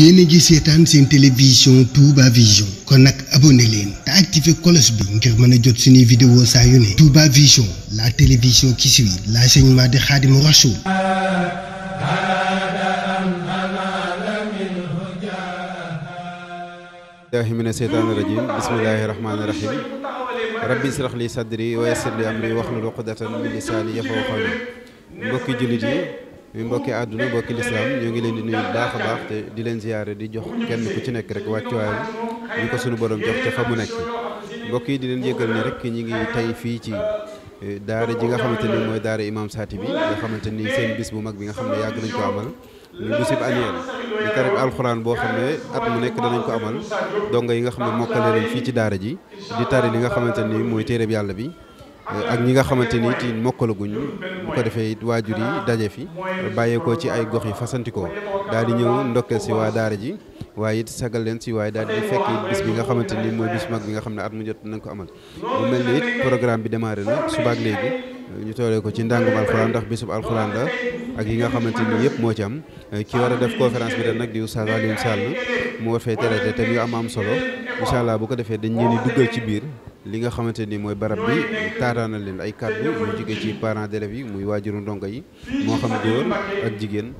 yéen a ngi seetaan seen télévision Touba Vision kon nag abonné leen te activé cloche bi ngir mën jot suñuy vidéo saa yu ne Touba Vision la télévision qui suit l'enseignement de Khadimou Rassoul billahi mina seytaani rajim bismillahi rahmaani rabbi israh sadri wa yassir li amri wahlul uqdatan min lisani yafqahu qawli mbokki jullit yi mi mbokki àdduna mbokki lislaam ñoo ngi leen di nuyu baax a baax te di leen ziyaare di jox kenn ku ci nekk rek wàccuwaayam ñu ko sunu borom jox ca fa mu nekk mbokk yi di leen yëgal ne rek ñi ngi tey fii ci eh, daara ji nga xamante ni mooy daara imam saati bi nga xamante ni seen bis bu mag bi nga xam ne yàgg nañ ko amal ñu bisib annuel di tarib alxuraan boo xam ne at mu nekk danañ ko amal donga yi nga xam ne mokkale nañ fii ci daara ji di tari li nga xamante ni mooy téereb yàlla bi ak ñi nga xamante ni it mokkalaguñ bu ko defee it waajur yi daje fi bàyyeekoo ci ay gox yi fasantikoo daal di ñëw ndokkeel si waa daara ji waaye it sagal leen si waaye daal di fekk bis bi nga xamante ni mooy bis mag bi nga xam ne at mu jot nañ ko amal. mu mel ni it programme bi démarré na subaak léegi ñu toolee ko ci ndàngum alxuraan ndax bisub alxuraan la ak yi nga xamante ni yëpp moo ci am ki war a def conférence bi ren nag di Oustaz Alioune Sall mu war te ñu am am solo incha allah bu ko defee dañ leen di ci biir. li nga xamante ni mooy barab bi taataana leen ay kàddu mu jóge ci parent d'élèves yi muy waajuru ndongo yi moo xam góor ak jigéen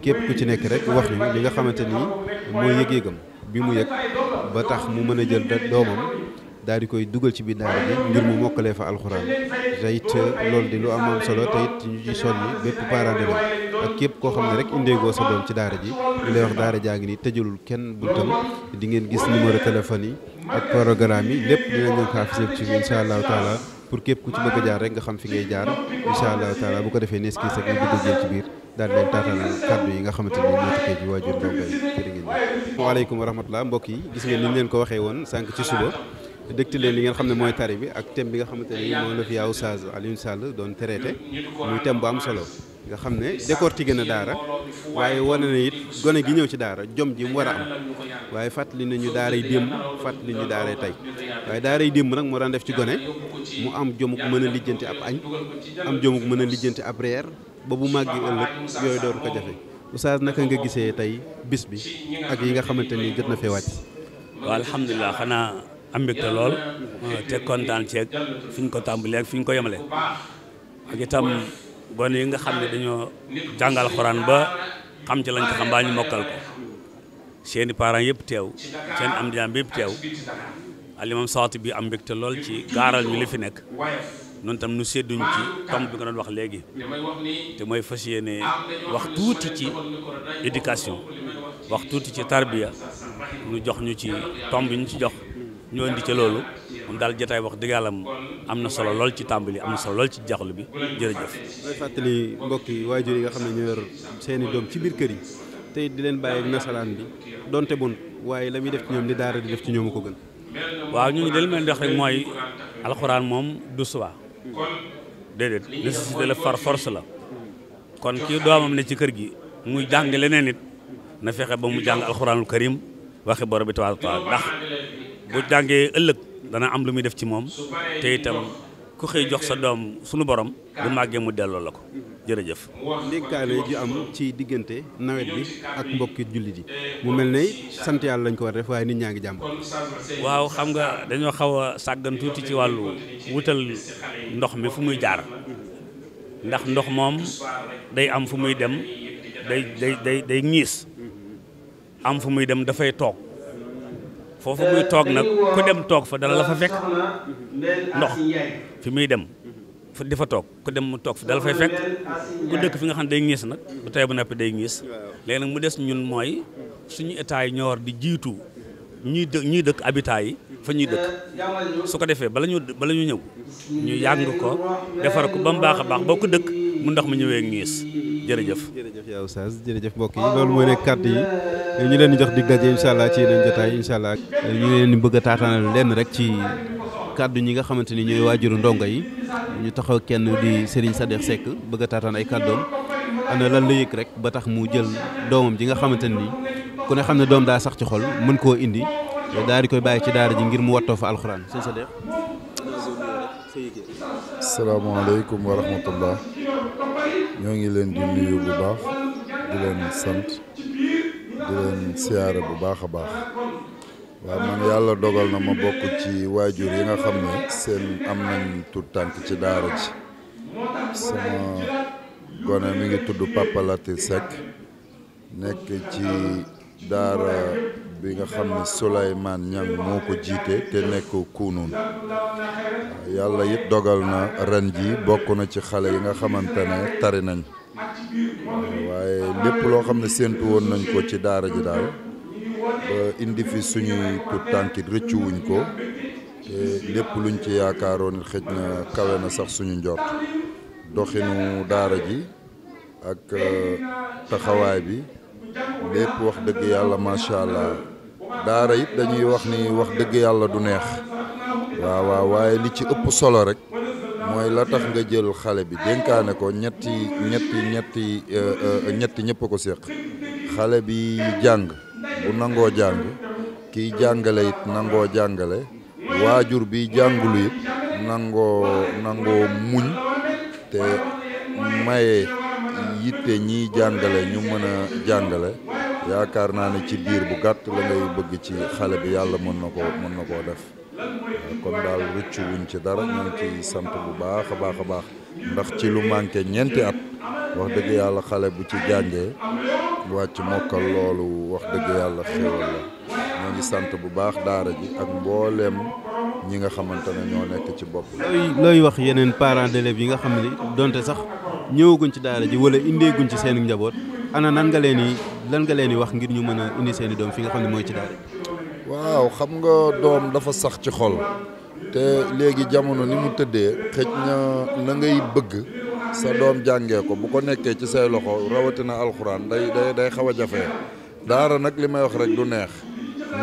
képp ku ci nekk rek wax ñu li nga xamante ni mooy yëg-yëgam bi mu yëg ba tax mu mën a jël doomam daal di koy dugal ci biir daara bi ngir mu mokkalee fa alxuraan te it loolu di lu am am solo te it ñu ci sonn bépp parent d'élève képp koo xam ne rek indéegoo sa doom ci daara ji ñu lay wax daara jaa ngi nii tëjalul kenn buntam di ngeen gis numéro téléphone yi ak programme yi lépp dinañ ci incha allahu taala pour képp ku ci bëgg jaar rek nga xam fi ngay jaar incha allahu taala bu ko defee nees yi nga xamante ni ñoo tukkee ci waajur ndongo yi jërë mbokk yi gis ngeen ni leen ko waxee woon sànq ci suba dégti li ngeen xam ne mooy tari bi ak thème bi nga xamante ni moom la fi yaa Oustaz Alioune Sall doon traité muy tem bu am solo nga xam ne décortiqué na daara waaye wane na it gone gi ñëw ci daara jom ji mu war a am waaye fàttali nañu daaray démb fàttali ñu daaray tey waaye daaray démb nag moo daan def ci gone mu am jomuk mën a lijjanti ab añ am jomuk mën a lijjanti ab reer ba bu màggi ëllëg yooyu dooru ko jafe oustaz naka nga gisee tey bis bi ak yi nga xamante ni jot na fee wàcc waaw alhamdulilah xanaa am mbégte lool te kontaan ceeg fi ñu ko tàmbalee ak fi ñu ko yemale gone yi nga xam ne dañoo jàngal xuraan ba xam ca lañ ko xam baa ñu mokkal ko seeni parent yëpp teew seen am diam bi yëpp teew alimam saatu bi am mbégte lool ci gaaral ñu li fi nekk noonu tam nu sedduñ ci tomb bi nga doon wax léegi te mooy fas yéene wax tuuti ci éducation wax tuuti ci tarbiya nu jox ñu ci tomb ñu ci jox ñu indi ca loolu moom daal jotaay wax dëgg yàlla am na solo lool ci yi am na solo lool ci jaxlu bi jërëjëf. mooy fàttali mbokk yi waajur yi nga xam ne ñoo seeni doom ci biir kër yi tey di leen bàyyi nasaraan bi donte bon waaye la muy def ci ñoom li daara di def ci ñoom ko gën. waaw ñu ngi dañu rek mooy alxuraan moom du suba déedéet nécessité la far force la kon kii doomam ne ci kër gi muy jàng leneen nit na fexe ba mu jàng alxuraanul karim waxe borom bi tabaaraka taala ndax. bu jàngee ëllëg dana am lu muy def ci moom te itam ku xëy jox sa doom sunu borom bu màggee mu delloo la ko jërëjëf. ndénkaane ju am ci diggante nawet bi ak mbokki jullit yi mu mel ne sant yàlla lañ ko war def waaye nit ñaa ngi jàmb waaw xam nga dañoo xaw a sàggan tuuti ci wàllu wutal ndox mi fu muy jaar ndax ndox moom day am fu muy dem day day day day ñiis am fu muy dem dafay toog. foofu muy toog nag ku dem toog fa dana la fa fekk ndox fi muy dem fa di fa toog ku dem mu toog fi dala fay fekk ku dëkk fi nga xam ne day ngiis nag bu tey bu nappi day ngiis léegi nag mu des ñun mooy suñu état yi ñoo di jiitu ñuy dë ñuy dëkk habitat yi fa ñuy dëkk eh, su ko defee bala ñu bala ñu ñëw ñu yàng ko defar ko ba mu baax a baax boo ko dëkk mu ndax mi ñëwee ngiis jërëjëf jërëjëf yaa oustaz jërëjëf mbokk yi loolu mooy nekk kàddu yi ñu leen di jox di daje incha allah ci yeneen jotaay incha allah ñu leen bëgg a lenn rek ci kàddu ñi nga xamante ni ñooy waajuru ndongo yi ñu taxaw kenn di Serigne Sadikh Seck bëgg a taataan ay kàddoom ana lan la yëg rek ba tax mu jël doomam ji nga xamante ni ku ne xam ne doom daa sax ci xol mën koo indi daal di koy bàyyi ci daara ji ngir mu wattoo fa alxuraan sëñ Sadikh ko yëgee. salaamaaleykum ñoo ngi leen di nuyu bu baax di leen sant di leen siyaare bu baax a baax waaw man yàlla dogal na ma bokk ci waajur yi nga xam ne seen am nañ tur tànk ci daara ji sama gone mi ngi tudd Papa Latir nekk ci daara. bi nga xam ne Souleymane Niang moo ko jiite te nekk Kounoune yàlla yëpp dogal na ren ji bokk na ci xale yi nga xamante ne tari nañ waaye lépp loo xam ne séentu woon nañ ko ci daara ji daal indi fi suñuy tut tànkit rëccuwuñ ko te lépp luñ ci yaakaaroon xëj na kawe na sax suñu njort doxinu daara ji ak euh, taxawaay bi lépp wax dëgg yàlla macha allah daara it dañuy wax ni wax dëgg yàlla du neex waaw waaye li ci ëpp solo rek mooy la tax nga jël xale bi dénkaane ko ñetti ñetti ñetti euh, euh, ñetti ñëpp ko séq xale bi jàng bu nangoo jàng kiy jàngale it nangoo jàngale waajur bi jàngulu it nangoo nangoo muñ te maye yitte ñiy jàngale ñu mën a jàngale yaakaar naa ne ci biir bu gàtt la ngay bëgg ci xale bi yàlla mën na ko mën na koo def kon daal rëccu wuñ ci dara ñu sant bu baax a baax a baax ndax ci lu manqué ñeenti at wax dëgg yàlla xale bu ci jàngee wàcc mokkal loolu wax dëgg yàlla xéwal la ñoo ngi sant bu baax daara ji ak mbooleem ñi nga xamante ne ñoo nekk ci bopp looy looy wax yeneen parents d'élèves yi nga xam ne donte sax ñëwaguñ ci daara ji wala indeeguñ ci seen njaboot ana nan nga leen nan nga leen wax ngir ñu mën a indi seeni doom fi nga xam ne mooy ci waaw xam nga dafa sax ci xol te léegi jamono ni mu tëddee xëj na ngay bëgg sa doom jàngee ko bu ko nekkee ci say loxo rawatina alxuraan day day day xaw a jafe daara nag li may wax rek du neex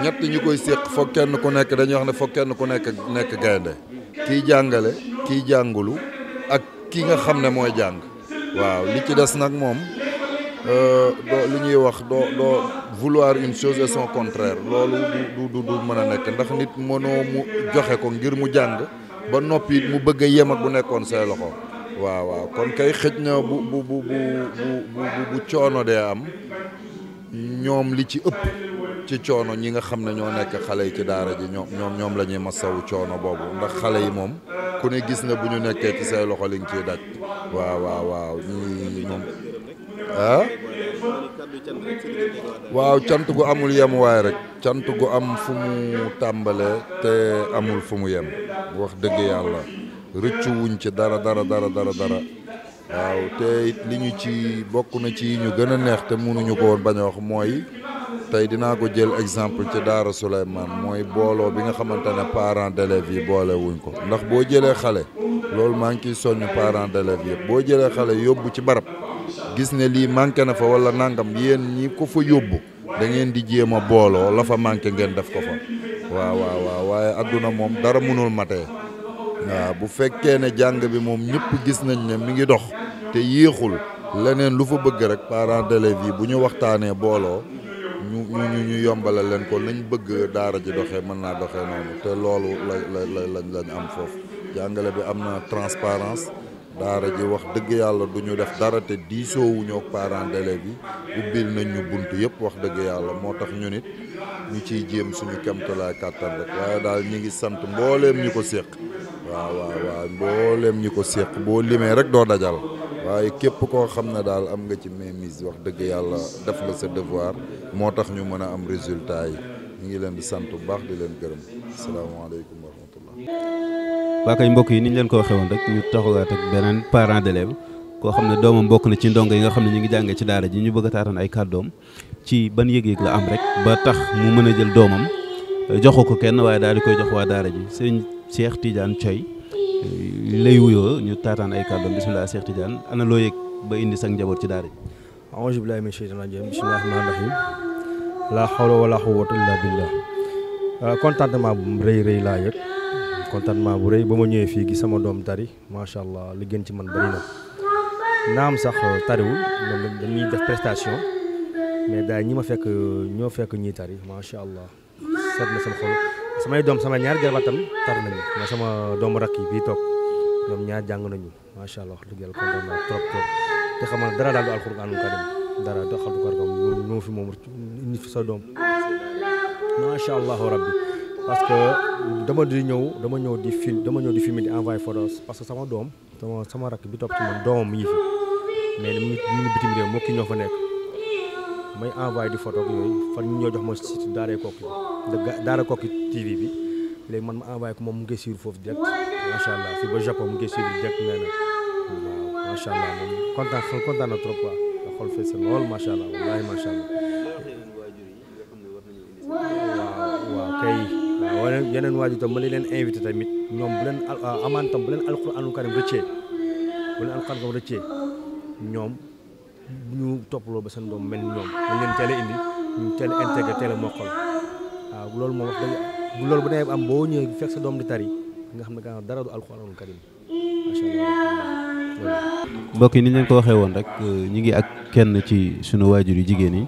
ñett ñi koy séq foog kenn ku nekk dañuy wax ne foog kenn ku nekk nekk gaynde kiy jàngale kiy jàngulu ak ki nga xam ne mooy jàng waaw li ci des nag moom Euh, li ñuy wax doo doo vouloir une chose son contraire loolu du du du mën a nekk ndax nit mënoo mu joxe ko ngir mu jàng ba noppi mu bëgg a yem bu nekkoon say loxo waaw waaw kon kay xëj na bu bu bu bu bu coono dee am ñoom li ci ëpp ci coono ñi nga xam ne ñoo nekk xale yi ci daara ji ñoom ñoom ñoom la ñuy masawu coono boobu ndax xale yi moom ku ne gis na bu ñu nekkee ci say loxo li nga ciy daj waaw waaw waaw ñi moom ah waaw cant gu amul yem waaye rek cant gu am fu mu tàmbale te amul fu mu yem wax dëgg yàlla rëccu wuñ ci dara dara dara dara dara waaw te it li ñu ci bokk na ci ñu gën a neex te mënuñu ko woon bañ a wax mooy tey dinaa ko jël exemple ci Daara Souleymane mooy booloo bi nga xamante ne parents d'élèves yi boole wuñ ko ndax boo jëlee xale loolu maa ngi ciy soññ parents d'élèves yëpp boo jëlee xale yóbbu ci barab gis ne lii manqué na fa wala nangam yéen ñi ko fa yóbbu dangeen di jéem a booloo la fa manqué ngeen def ko fa waaw waaw waaye adduna moom dara mënul matee waaw bu fekkee ne jàng bi moom ñëpp gis nañ ne mi ngi dox te yéexul leneen lu fa bëgg rek parents d'élèves yi bu ñu waxtaanee booloo ñu ñu ñu yombale leen ko lañu bëgg daara ji doxee mën naa doxee noonu te loolu la la lañ am foofu jàngale bi am na transparence daara ji wax dëgg yàlla du ñu def dara te diisoowuñoo parents d'élèves bi ubbil nañ ñu bunt yëpp wax dëgg yàlla moo tax ñu nit ñu ciy jéem suñu kemtalaay kàttan rek waaye daal ñu ngi sant mbooleem ñi ko séq waaw waaw mbooleem ñi ko séq boo limee rek doo dajal waaye képp koo xam ne daal am nga ci mainmise wax dëgg yàlla def nga sa devoir moo tax ñu mën a am résultat yi ñu ngi leen di sant bu baax di leen gërëm asalaamaaleykum wa rahmatullah waa kay mbokk yi ni ñu leen ko waxee woon rek ñu taxawaat ak beneen parent d'élève koo xam ne doomam bokk na ci ndongo yi nga xam ne ñu ngi jàngee ci daara ñu bëgg a taataan ay kàddoom ci ban yëg-yëg la am rek ba tax mu mën a jël doomam joxu ko kenn waaye daal di koy jox waa daara ji sëñ Cheikh Tidiane Thioye eh, lay wuyoo ñu taataan ay kàddoom bisimilah Cheikh Tidiane ana loo yëg ba indi sa njaboot ci daara ji. aouzu billahi mina shaytaani rajim bismillahi rahmaani rahim laa hawla wala quwwata illa billah ah, contentement bu rëy rëy laa yëg contentement bu rëy ba ma ñëwee fii gi sama doom tari macha allah li gën ci man bari na naam sax euh, tariwul ñoom dañuy def prestation mais daay ñi ma fekk ñoo fekk ñii tari macha allah set na sama samay doom sama ñaar jarbatam tar ma sama doom rakk yi bii toog ñoom ñaar jàng nañu macha allah wax dëgg yàlla kontaan naa trop dara daal du alxuraanul karim dara du alxuraanul karim sa doom macha allah rabbi parce que dama di ñëw dama ñëw di film dama ñëw di filmer di envoyé photos parce que sama doom sama sama rakk bi topp ci man doomam mi ngi fi mais mu ngi bitim réew moo kii ñoo fa nekk may envoyé di photo ak yooyu fan ñu ñoo jox ma site Daara Koki Daara man ma envoyé ko moom mu ngi suivre foofu direct macha allah fii ba Japon mu ngi suivre direct nee na waaw kontaan kontaan na trop quoi xool fees lool macha allah wallaahi macha allah yeneen yeneen waaju tam ma li leen invité tamit ñoom bu leen euh, amaan tam bu leen alxuraanul karim rëccee bu leen alxuraan karim rëccee ñoom ñu toppaloo ba seen doom mel ñoom dañ leen teel a indi ñu teel a intégré teel a mokkal waaw loolu moom wax dëgg bu loolu bu dee am boo ñëwee fekk sa doom di tari nga xam ne dara du alxuraanul karim macha allah mbokk yi ni ñu leen ko waxee woon rek euh, ñu ngi ak kenn ci sunu waajur yu jigéen yi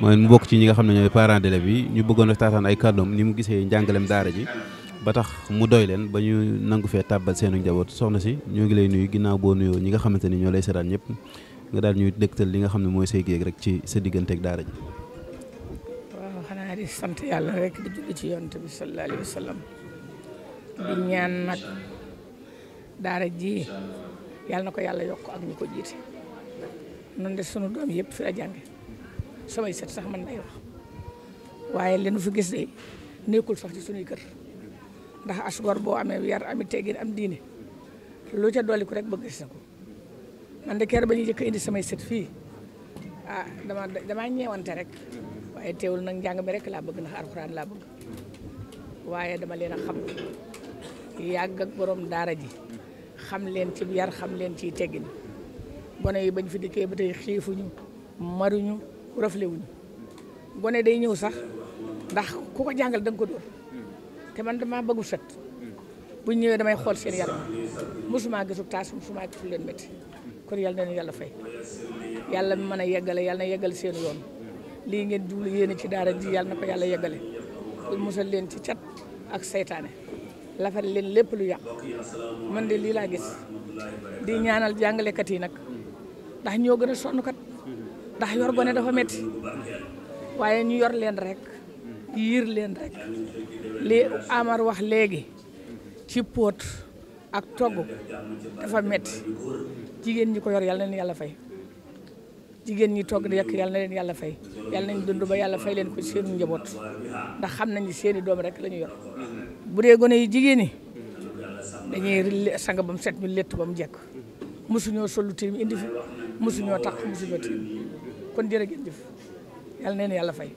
mooy mu bokk ci ñi nga xam ne ñooy parents d'élèves yi ñu bëggoon a taataan ay kàddoom ni mu gisee njàngaleem daara ji ba tax mu doy leen ba ñu nangu fee tàbbal seenu njaboot soxna si ñoo ngi lay nuyu ginnaaw boo nuyoo ñi nga xamante ni ñoo lay seetaan ñëpp nga daal ñuy dëgtal li nga xam ne mooy say géeg rek ci sa digganteeg daara ji. waaw xanaa di sant yàlla rek di julli yàlla na ko yàlla yokk ak ñu ko jiite noonu de sunu doom yëpp fi la jànge samay set sax man lay wax waaye li nu gis de nekkul sax ci sunuy kër ndax as boo amee yar ami teggin am diine lu te dolli ko rek bëgg gis na ko man de keer ba ñuy jëkk a indi samay set fii ah dama damaa ñeewante rek waaye teewul nag njàng mi rek laa bëgg nax alxuraan laa bëgg waaye dama leen a xam yàgg ak borom daara ji xam leen ci yar xam leen ci teggin gone yi bañ fi dikkee ba tey xiifuñu maruñu raflewuñu gone day ñëw sax ndax ku ko jàngal da ko dóor te man dama bëggu set bu ñëwee damay xool seen yaram mosuma gisu taas mosuma gisu leen metti kon yàlla na yàlla fay yàlla mën a yeggale yàlla na yeggal seen yoon lii ngeen jublu yéene ci daara ji yàlla na ko yàlla yeggale musal leen ci cat ak seytaane lafal leen lépp lu yàq man de lii laa gis di ñaanal jàngalekat yi nag ndax ñoo gën a sonn kat ndax yor gone dafa metti waaye ñu yor leen rek yiir leen rek li Amar wax léegi ci póot ak togg dafa metti jigéen ñi ko yor yàlla na yàlla fay jigéen ñi togg di yàlla leen yàlla fay yàlla nañ dund ba yàlla fay leen ko seenu njaboot ndax xam nañ ni seeni doom rek lañu yor bu dee gone yi jigéen ñi dañuy sang ba mu set ñu létt ba mu jekk mosuñoo sollu tiim indi fi mosuñoo tax mosuñoo tiim kon jërëjëf yàlla neen yàlla fay.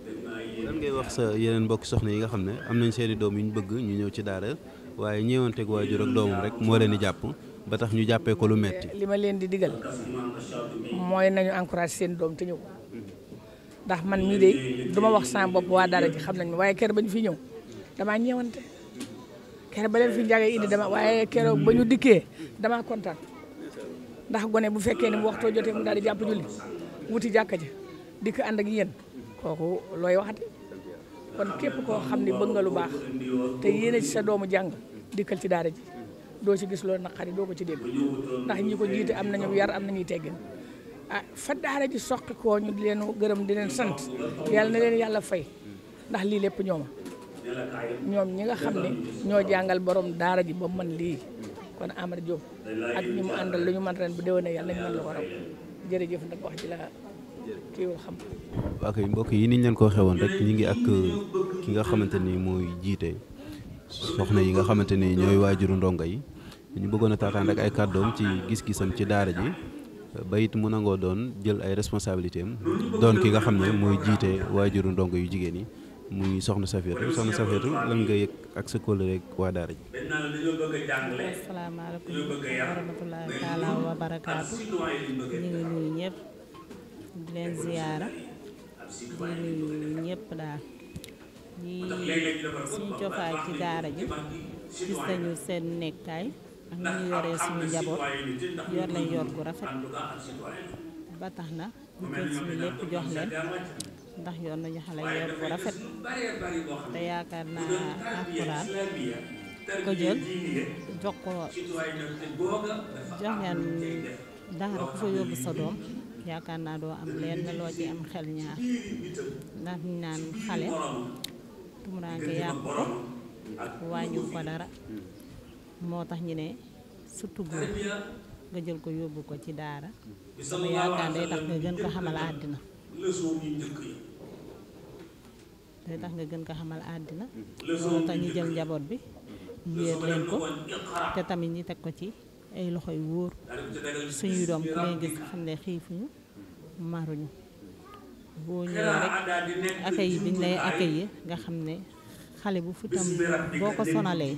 lan ngay wax sa yeneen mbokk soxna yi nga xam ne am nañ seeni doom yu ñu bëgg ñu ñëw ci daara waaye ñëwanteeg waajur ak doomam rek moo leen di jàpp ba tax ñu jàppee ko lu metti eh, li ma leen di diggal mooy nañu encouragé seen doom te ñëw ndax man mii de duma wax sama bopp waa daara ji xam nañ ma waaye kër ba fi ñëw keroog ba leen fi njagee indi dama waaye keroog ba ñu dikkee dama kontaan ndax gone bu fekkee ne mu waxtoo jotee mu daal di jàpp julli wuti jàkka ji dikk ànd ak yéen kooku looy waxate kon képp koo xam ne bëgg nga lu baax te yéene ci sa doomu jàng dikkal ci daara ji doo si gis loolu naqari doo ko ci dégg ndax ñi ko jiite am nañu yar am nañuy teggin ah fa daara ji soqi koo ñu di leen gërëm di leen sant yàlla na leen yàlla fay ndax lii lépp ñooma ñoom ñi nga xam ne ñoo jàngal borom daara ji ba man lii kon Amady Diop ak ñi mu àndal lu ñu mën ren bu déwénee yàlla ñu mën la ko raw jërëjëf ndax wax ji la kiiwul xam. mbokk yi niñ leen ko waxee woon rek ñu ngi ak ki nga xamante ni mooy jiite soxna yi nga xamante ni ñooy waajuru ndongo yi ñu bëggoon a taataan rek ay kàddoom ci gis-gisam ci daara ji. ba it mu nangoo doon jël ay responsabilités am doon ki nga xam ne mooy jiite waajuru ndongo yu jigéen yi muy soxna Safiatou soxna Safiatou lan nga yëg ak sa kóllëre ak waa daara ji. asalaamaaleykum wa rahmatulaahi taala wa barakaatu ñu ngi nuyu ñëpp di leen ziyaara nuyu ñëpp daal ñi suñu cofaay ci daara ji gis nañu seen nekkaay ak ñu yoree suñu njaboot yor lañ yor gu rafet ba tax na ñu jël suñu lépp jox leen. ndax yoon nañu xale yoon bu rafet te yaakaar naa alxuraan ko jël jox ko jox daara ku fa yóbbu sa doom yaakaar naa doo am leen na loo ci am xel ñaar ndax ñu naan xale tumuraanke yàqu ko wàññu ko dara moo tax ñu ne surtout góor nga jël ko yóbbu ko ci daara sama yaakaar day tax nga gën ko xamal àddina day tax nga gën ko xamal àddina loolu tax ñu jël njaboot bi wéer leen ko te tamit ñi teg ko ci ay loxo yu wóor suñuy doom ku leen gis xam ne xiifuñu maruñu boo ñëwee rek accueil biñ nga xam ne xale bu fitam boo ko sonalee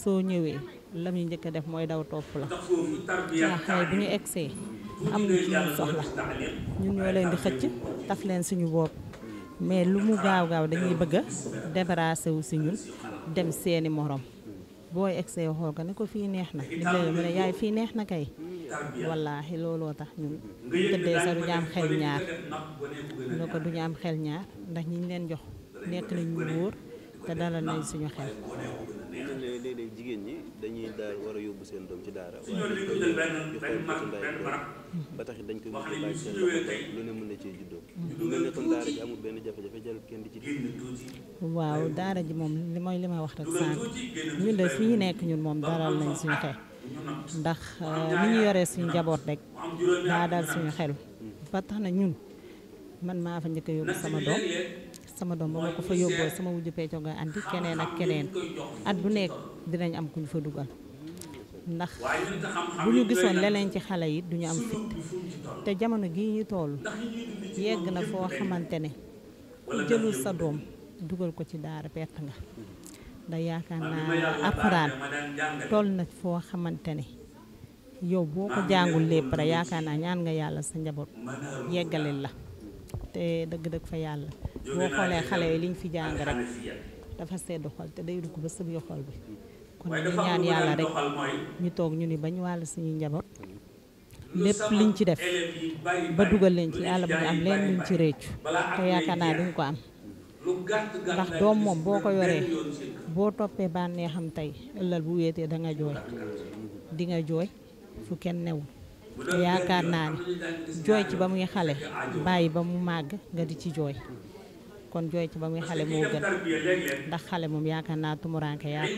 soo ñëwee lam ñu njëkk a def mooy daw topp la ndax xale bu ñu egsee am na ci ñu soxla ñun ñoo leen di xëcc taf leen suñu bopp mais lu mu gaaw gaaw dañuy bëgg a débarrassé wu si ñun dem seeni morom booy egg see xool ko ne ko fii neex na li yaay fii neex na kay wallaahi looloo tax ñun tëddee sa xel ñaar ne ko du am xel ñaar ndax ñi ñu leen jox nekk nañ ñu wóor te dalal nañ suñu xel. léeg jigéen ñi dañuy daal yóbbu seen doom ci daara ba tax dañ koy mujj bàyyi seen loxo daara ji waaw daara ji moom li mooy li ma wax rek sànq ñun de fii nekk ñun moom daral nañ suñu xel ndax euh, ni ñu yoree suñu njaboot rek daa dal suñu xel ba tax na ñun man maa fa njëkk a yóbbu sama doom sama doom ba ma ko fa yóbboo sama wujju peccoo nga andi keneen ak keneen at bu nekk dinañ am kuñ fa dugal ndax bu ñu gisoon leneen ci xale yi duñu am fit te jamono gii ñu toll yegg na foo xamante ne jëlul sa doom dugal ko ci daara pert nga ndax yaakaar naa alxuraan toll na foo xamante ne yow boo ko jàngul lépp rek yaakaar naa ñaan nga yàlla sa njaboot yeggalil la te dëgg-dëgg fa yàlla boo xoolee xale yi liñ fi jàng rek dafa sedd xol te day dugg ba sëb xol bi kon ñu ñaan yàlla rek ñu toog ñu ni bañ wàll suñuy njaboot lépp liñ ci def ba dugal leen ci yàlla bu ñu am leen luñ ci réccu te yaakaar naa duñ ko am ndax doom moom boo ko yoree boo toppee bànnee xam tey ëllëg bu wéetee da nga jooy di jooy fu kenn newul te yaakaar naa ne jooy ci ba muy xale bàyyi ba mu màgg nga di ci jooy kon jooy ci ba muy xale moo gën ndax xale moom yaakaar naa tumuranke yàq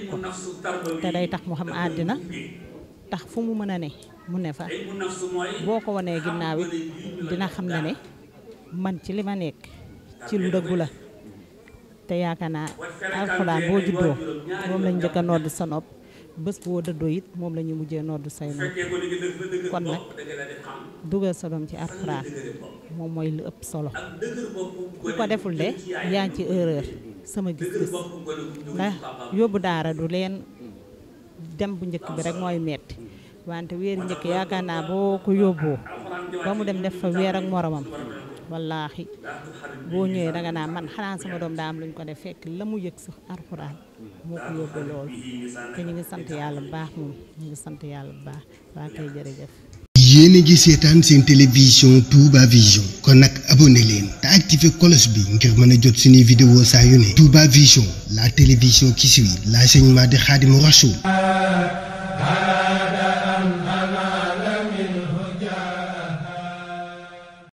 te day tax mu xam àddina tax fu mu mën a ne mu ne fa boo ko wanee ginnaaw dina xam ne ne man ci li ma nekk ci lu dëggu la te yaakaar naa alxuraan boo juddoo moom lañ njëkk a nodd sa nopp bës boo dëddoo it moom la ñuy mujjee noddu say noonu kon nag dugal sa doom ci alxuraan moom mooy lu ëpp solo bu ko deful de yaa ngi ci erreur sama gis-gis ndax ah, yóbbu daara du leen dem bu njëkk bi rek mooy metti wante weer njëkk yaakaar naa boo ko yóbboo mu dem def weer ak moromam wallaahi boo ñëwee danga naa man xanaa sama doom daa am lu ko def fekk la mu yëg sax alxuraan moo ko sant yàlla bu a ngi seetaan seen télévision Touba Vision kon nag abonné leen te activé cloche bi ngir mën jot suñuy vidéo saa ne Touba Vision la télévision qui suit l'enseignement de Khadimou Rassoul